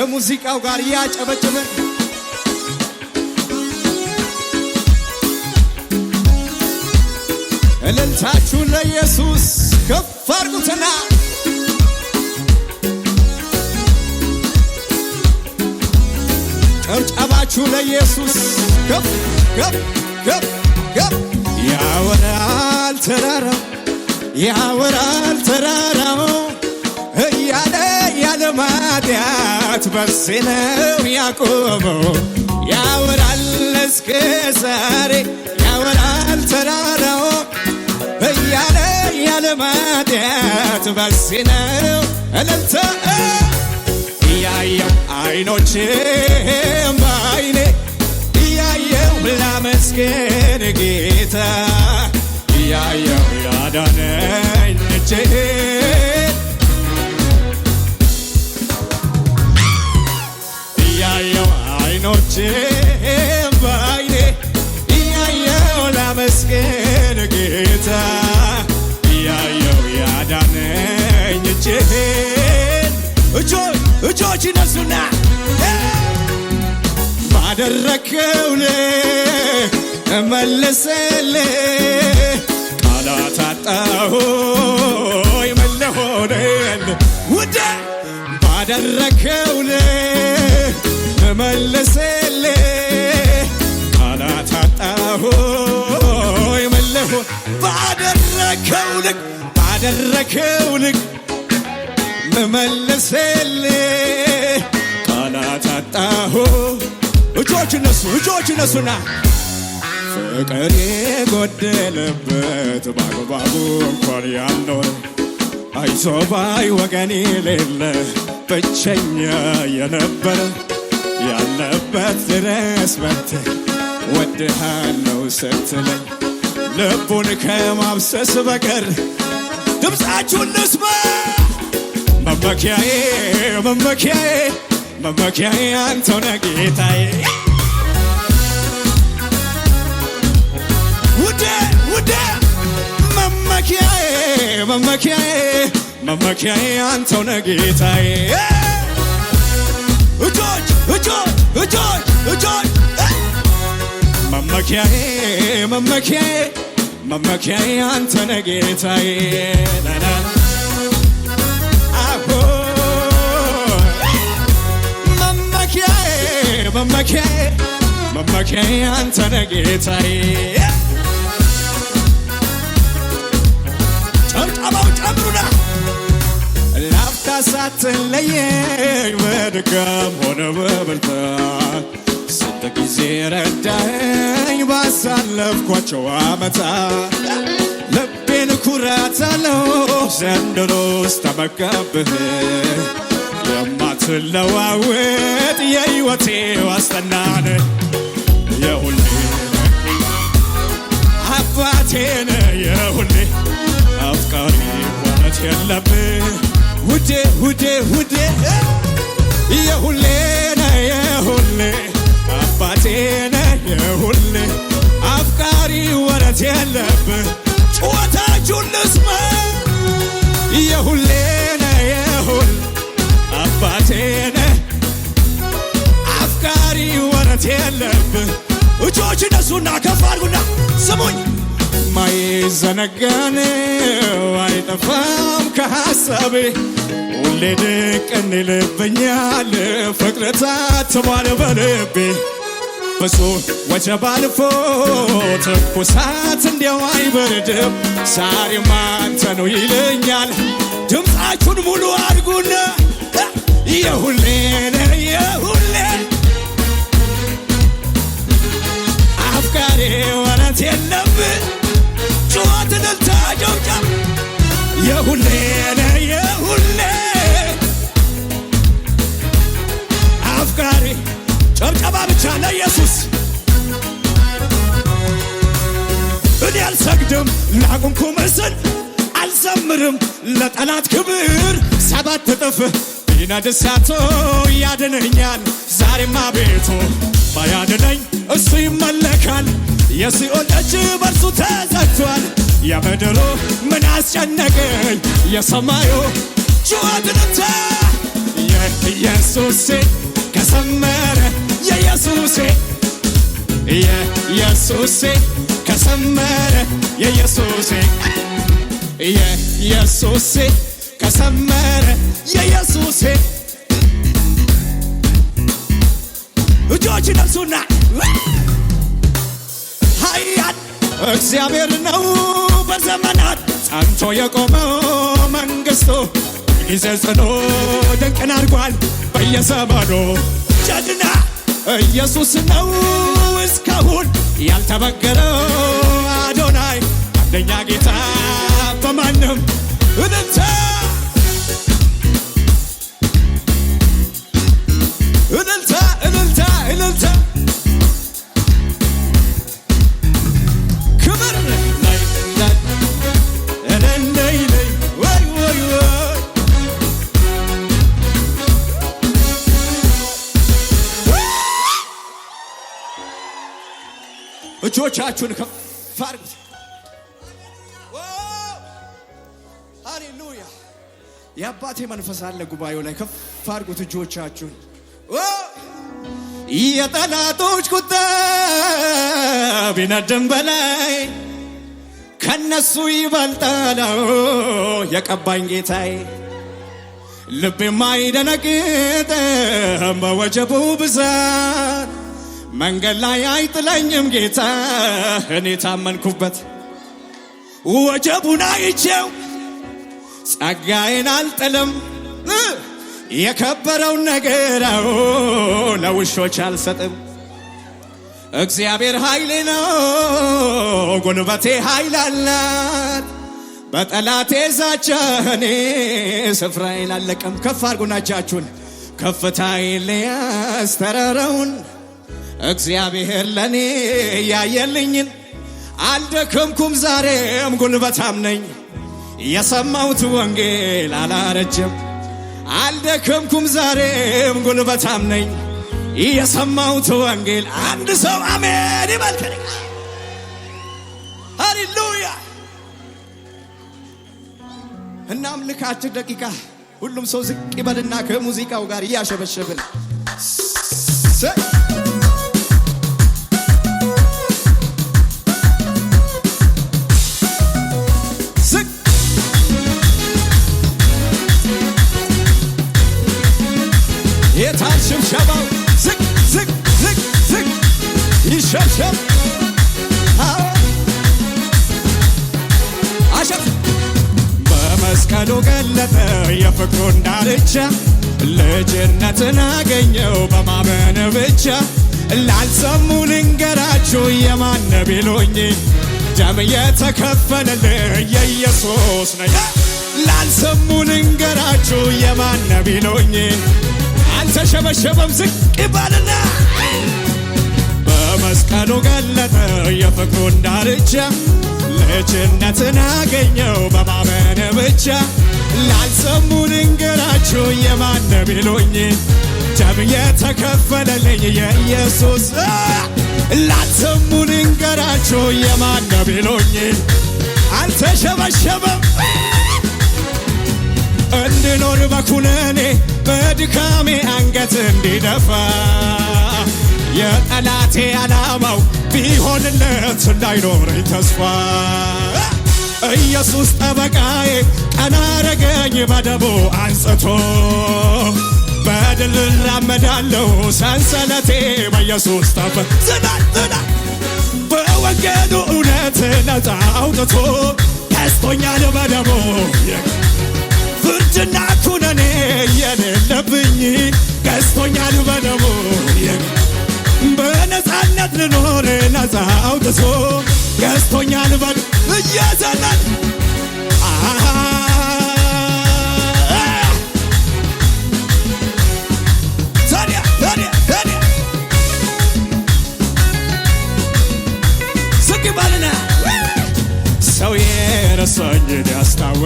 ከሙዚቃው ጋር እያጨበጭበን እልልታችሁን ለኢየሱስ ከፍ አድርጉትና ጨብጨባችሁ ለኢየሱስ ከፍ ከፍ ከፍ ከፍ ያወራል ተራራው ያወራል ተራራው ማዲያት በዚህ ነው ያቆመው። ያወራል እስከ ዛሬ ያወራል ተራራው እያለ ያለ ማዲያት በዚህ ነው እልልተ እያየው አይኖቼ ባይኔ እያየው ላመስገን ጌታ እያየው ያዳነኝ እጄ ኖርቼም ባይኔ እያየው ላመስገን ጌታ እያየው ያዳነኝ እጄን እጆች ይነሱና ባደረከውል መለሰል ቃላት አጣሆይ መለሆነል ውደ ባደረከውል ተመለሰል አላታጣሁ የመለሆ ባደረከው ልክ ባደረከው ልክ መመለሰል አላታጣሁ እጆች እነሱ እጆች እነሱና ፍቅር የጎደለበት በአግባቡ እንኳን ያልኖር አይዞህ ወገን የሌለ ብቸኛ የነበረ ያለበት ድረስ መጥተህ ወድሃለሁ ስትለኝ ልቡን ከማብሰስ በቀር ድምፃችሁን ንስማ መመኪያዬ መመኪያዬ መመኪያዬ አንተው ነህ ጌታዬ ውዴ ውዴ መመኪያዬ መመኪያዬ መመኪያዬ አንተው ነህ ጌታዬ እጆች እጆች እጆች እጆች መመኪያዬ መመኪያዬ መመኪያዬ አንተ ነህ ጌታዬ መመኪያዬ መመኪያዬ መመኪያዬ አንተ ነህ ጌታዬ ጨብጨባው ጨምሩና ሳትለየኝ በድካም ሆነ በብርታት ስንት ጊዜ ረዳኸኝ ባሳለፍኳቸው ዓመታት ልቤን ኩራት አለው ዘንድሮስ ተመካብህ የማትለዋወጥ የሕይወቴ ዋስጠናነ የሁሌ አባቴነ የሁሌ አፍቃሪ ማለት የለም ሁዴ ሁዴ ሁዴ የሁሌ ነ የሁሌ አባቴ ነ የሁሌ አፍቃሪ ወረት የለብህ ጩኸታችሁን ልስማ የሁሌ ነ የሁሌ አባቴ ነ አፍቃሪ ወረት የለብህ እጆች እነሱና ከፍ አድርጉና ስሙኝ ዘነጋኔው አይጠፋም ከሐሳቤ ሁሌ ድቅን ይልብኛል ፍቅርታ ትሟል በልቤ ብዙ ወጀብ አልፎ ትኩሳት እንዲያው አይበርድም ዛሬም አንተ ነው ይለኛል። ድምፃችሁን ሙሉ አድርጉና የሁሌ ነህ አፍቃሪ ወረት የለብህ ጩኸት እልልታ ጨብጨብ የሁሌ ነ የሁሌ አፍቃሪ ጨብጨባ ብቻ ለኢየሱስ እኔ አልሰግድም ላቁንኩ ምስል አልዘምርም ለጠላት ክብር ሰባት እጥፍ ይነድሳቶ ያድነኛል ዛሬማ ቤቱ ባያድነኝ እሱ ይመለካል የሲኦል ደጅ በርሱ ተዘግቷል። የምድሩ ምን አስጨነቀኝ የሰማዩ ጩኸት ብቻ የኢየሱሴ ከሰመረ የኢየሱሴ የኢየሱሴ ከሰመረ የኢየሱሴ የኢየሱሴ ከሰመረ የኢየሱሴ እጆች ነሱና ያሳያል። እግዚአብሔር ነው በዘመናት ጸንቶ የቆመው መንግሥቱ ጊዜ ጽኖ ድንቅን አድርጓል በየዘመኑ ጀግና ኢየሱስ ነው እስካሁን ያልተበገረው አዶናይ አንደኛ ጌታ በማንም እልልታ እጆቻችሁን ከፍ አድርጉት። ሃሌሉያ! የአባቴ መንፈስ አለ ጉባኤው ላይ ከፍ አድርጉት እጆቻችሁን። የጠላቶች ቁጣ ቢነድም በላይ ከነሱ ይበልጣለው የቀባኝ ጌታዬ ልብ የማይደነግጥ በወጀቡ ብዛት መንገድ ላይ አይጥለኝም ጌታ እኔ ታመንኩበት ወጀቡን አይቼው ጸጋዬን አልጥልም የከበረውን ነገር ለውሾች አልሰጥም። እግዚአብሔር ኃይሌ ነው ጉልበቴ ኃይል አላት። በጠላቴ ዛቻ እኔ ስፍራዬን አለቅም። ከፍ አድርጉና እጃችሁን ከፍታዬን ልያዝ እግዚአብሔር ለኔ ያየልኝን አልደከምኩም ዛሬም ጉልበታም ነኝ። የሰማሁት ወንጌል አላረጀም። አልደከምኩም ዛሬም ጉልበታም ነኝ። የሰማሁት ወንጌል አንድ ሰው አሜን ይበልከኝ። ሃሌሉያ እና አምልክ ደቂቃ ሁሉም ሰው ዝቅ ይበልና ከሙዚቃው ጋር እያሸበሸብን ደም የተከፈለል የኢየሱስ ነኝ። ላልሰሙ ልንገራችሁ የማን ነው ቢሉኝ አልተሸበሸበም ዝቅ ይባልና በመስቀሉ ገለጠ የፍቅሩን ዳርቻ ልጅነትን አገኘው በማመን ብቻ ላልሰሙ ልንገራችሁ የማን ነው ቢሉኝ ደም የተከፈለልኝ የኢየሱስ ላትሰሙ ንንገራችሁ የማነ ቢሎኝ አልተሸበሸበም እንድኖር በኩነኔ በድካሜ አንገት እንዲደፋ የጠላቴ አላማው ቢሆንለት እንዳይኖረኝ ተስፋ ኢየሱስ ጠበቃዬ ቀና አረገኝ በደሙ አንጽቶ በድል እራመዳለሁ ሰንሰለቴ በኢየሱስ ታበ ዝናል በወንጌሉ እውነት ነፃ አውጥቶ ከስቶኛል በደሙ ፍርድና ኩነኔ የሌለብኝ ገዝቶኛል በደሙ በነፃነት ልኖር ነፃ አውጥቶ ገዝቶኛል በ እየዘናል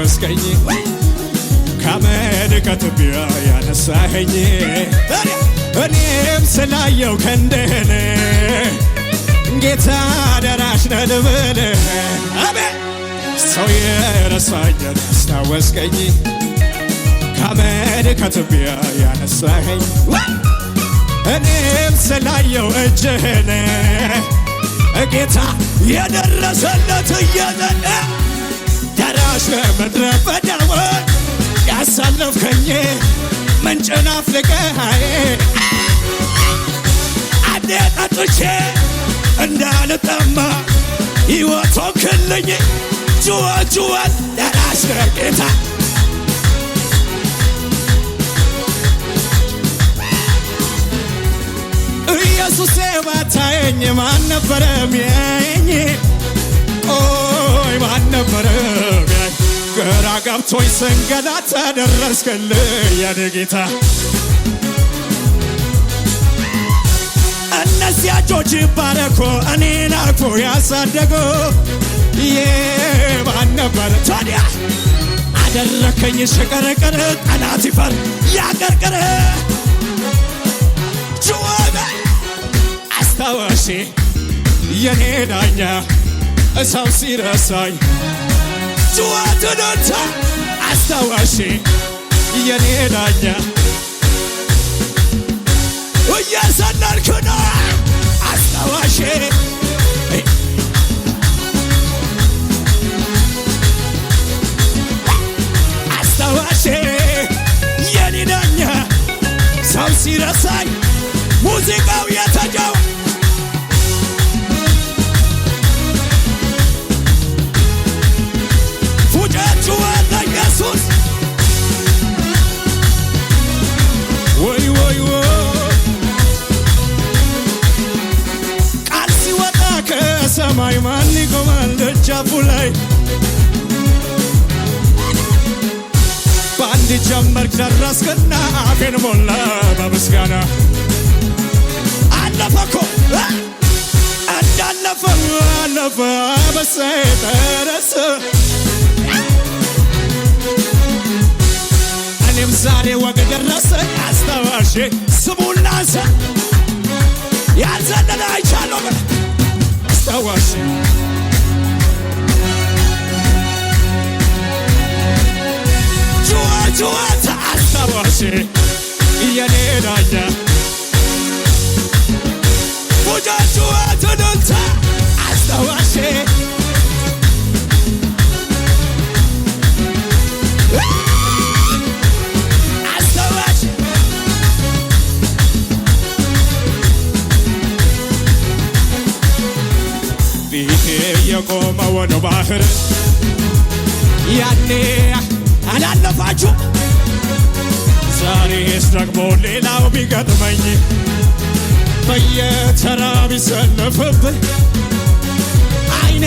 አትመስገኝ ከአመድ ከትቢያ ያነሳኸኝ እኔም ስላየው ክንድህን ጌታ ደራሽ ነህ ልብል ሰው የረሳኝን አስታወስከኝ ከአመድ ከትቢያ ያነሳኸኝ እኔም ስላየው እጅህን ጌታ የደረሰለት እየዘነ ደራሽ በምድረ በዳው ያሳለፍከኝ መንጨናፍቀሃይ አዴ ጠጥቼ እንዳልጠማ ይወቶክልኝ ጅወጅወት ደራሽ ጌታ ኢየሱሴ ባታየኝ ማን ነበረ ሚያየኝ ሰማይ ማን ነበረ ግራ ገብቶኝ ስንገላታ ደረስክልኝ የኔ ጌታ። እነዚያ እጆች ባረኮ እኔን አርፎ ያሳደጎ የማን ነበረ ታዲያ? አደረከኝ ሽቅርቅር ጠላት ይፈር ያቀርቅር ችወበ የኔ ዳኛ እሳው ሲረሳኝ ጭዋት አስታዋሽ የኔ ዳኛ እየሰነርክ ነው አስታዋሽ አስታዋሽ የኔ ዳኛ ሰው ሲረሳኝ ሙዚቃው የተጃው በዛፉ ላይ በአንድ ጀመርክ ደረስክና አፌን ሞላ በምስጋና አለፈ እኮ እንዳለፈ አለፈ በሳዬ ደረሰ እኔም ዛሬ ወገ ደረሰ አስታዋሽ ስሙና ሰ ያልዘለለ አይቻለሁ አስታዋሽ ጩኸት አታዋሽ የኔ ዳኛ ፉጨ ጩኸት እልልታ አስታዋሽ ፊቴ የቆመውን ባህር ያኔ አላለፋችሁ። ዛሬስ ደግሞ ሌላው ቢገጥመኝ በየተራ ቢሰለፍብኝ አይኔ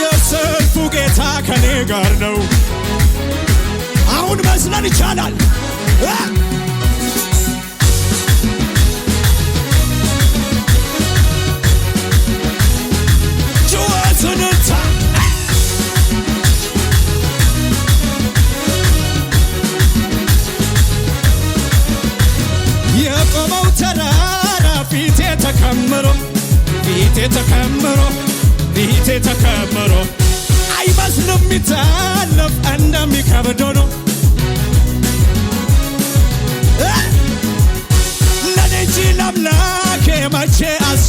የሰልፉ ጌታ ከኔ ጋር ነው። አሁን መስለን ይቻላል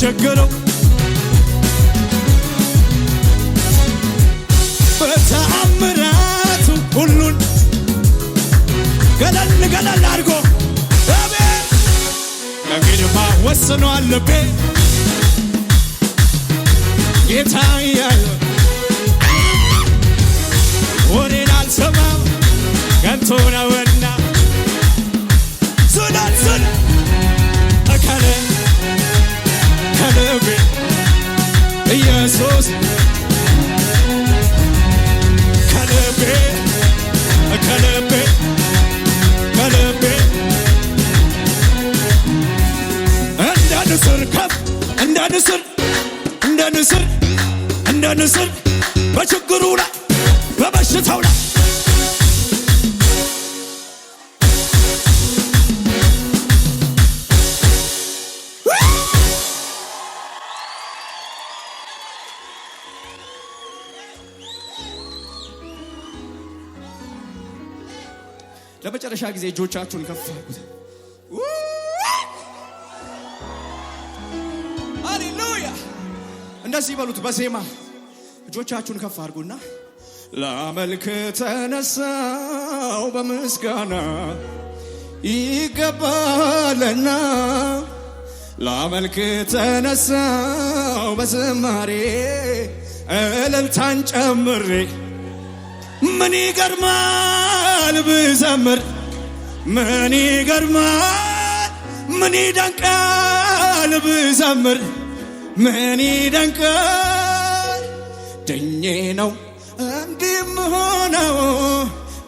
ቸገረው በተአምራቱ ሁሉን ገለል ገለል አድርጎ ቤ እንግዲህማ ወስኗል ልቤ ጌታ እያለ ወሬን አልሰማም ከንቱ ነው ንስር እንደ ንስር እንደ ንስር በችግሩ ላይ በበሽታው ላይ ለመጨረሻ ጊዜ እጆቻችሁን ከፍ አድርጉት። እንደዚህ በሉት በዜማ እጆቻችሁን ከፍ አድርጉና ላመልክ ተነሳው በምስጋና ይገባልና ላመልክ ተነሳው በዝማሬ እልልታን ጨምሬ ምን ይገርማል ብዘምር ምን ይገርማል ምን ይደንቃል ብዘምር ምን ይደንቃል ድኜ ነው እንዲህ ምሆነው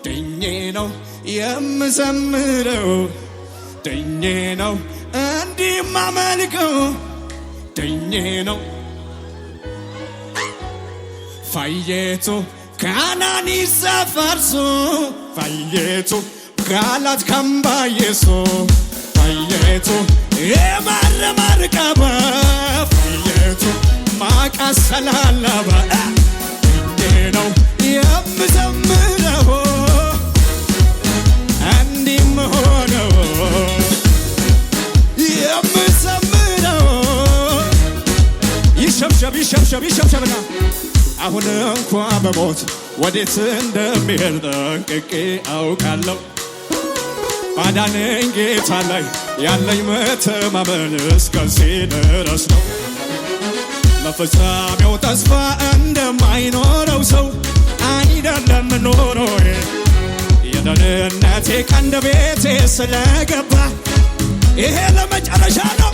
ድኜ ነው የምዘምረው ድኜ ነው እንዲህ ማመልከው ድኜ ነው ፋየቱ ካናኒሳ ፋርሱ ፋየቱ ጋላት ካምባየሱ ፋየቱ የማረማርቃባ ፍየቱ ማቃሰላላባ እንዴ ነው የምዘምረው እንዲም ሆነው የምዘምረው ይሸብሸብ ይሸብሸብ ይሸብሸብና አሁን እንኳ በሞት ወዴት እንደሚሄድ ጠንቅቄ አውቃለሁ። ማዳነኝ ጌታ ላይ ያለኝ መተማመን እስከዚህ ድረስ ነው። ለፍጻሜው ተስፋ እንደማይኖረው ሰው አይደለም ኖሮ የደህንነቴ ቀንድ ቤቴ ስለገባ ይሄ ለመጨረሻ ነው።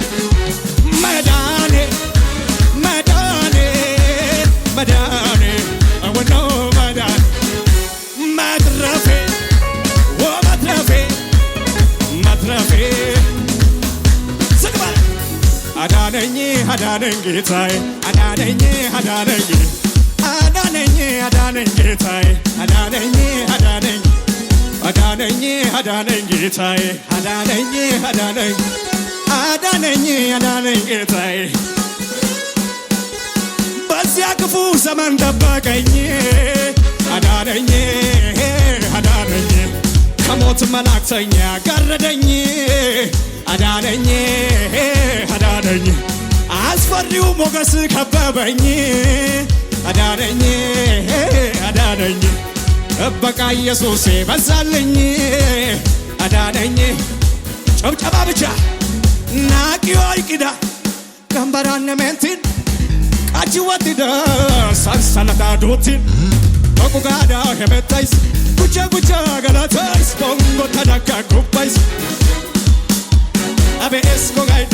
ጌታዬ አዳነኝ አዳነኝ አዳነኝ አዳነኝ ጌታዬ አዳነኝ አዳነኝ አዳነኝ አዳነኝ ጌታዬ አዳነኝ አዳነኝ አዳነኝ አዳነኝ ጌታዬ በዚያ ክፉ ዘመን ጠበቀኝ አዳነኝ አዳነኝ ከሞት መላክተኛ ጋረደኝ አዳነኝ አዳነኝ አስፈሪው ሞገስ ከበበኝ አዳነኝ አዳነኝ ጥበቃ ኢየሱስ በዛልኝ አዳነኝ ጨብጨባ ብቻ ናቂዮይ ቂዳ ገንበራነ ሜንቲን ቃችወትደ ሰንሰለታ ዱቲን በቁጋዳ ሄመታይስ ጉቸ ጉቸ ገለታይስ ቦንጎ ተደካ ጉባይስ አቤኤስ ጎጋይዳ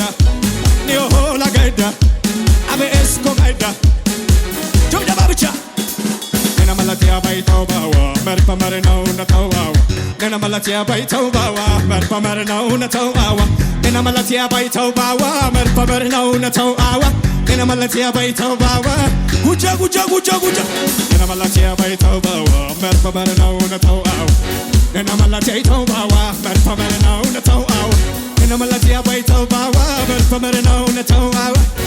ቱምደባ ብቻ nena malatia bai taubawa mer pamare na una taubawa nena malatia bai taubawa mer pamare na una taubawa nena malatia bai taubawa mer pamare na una taubawa nena malatia bai taubawa guja guja guja guja nena malatia bai taubawa mer pamare na una taubawa nena malatia taubawa mer pamare na una taubawa nena malatia bai taubawa mer pamare na una taubawa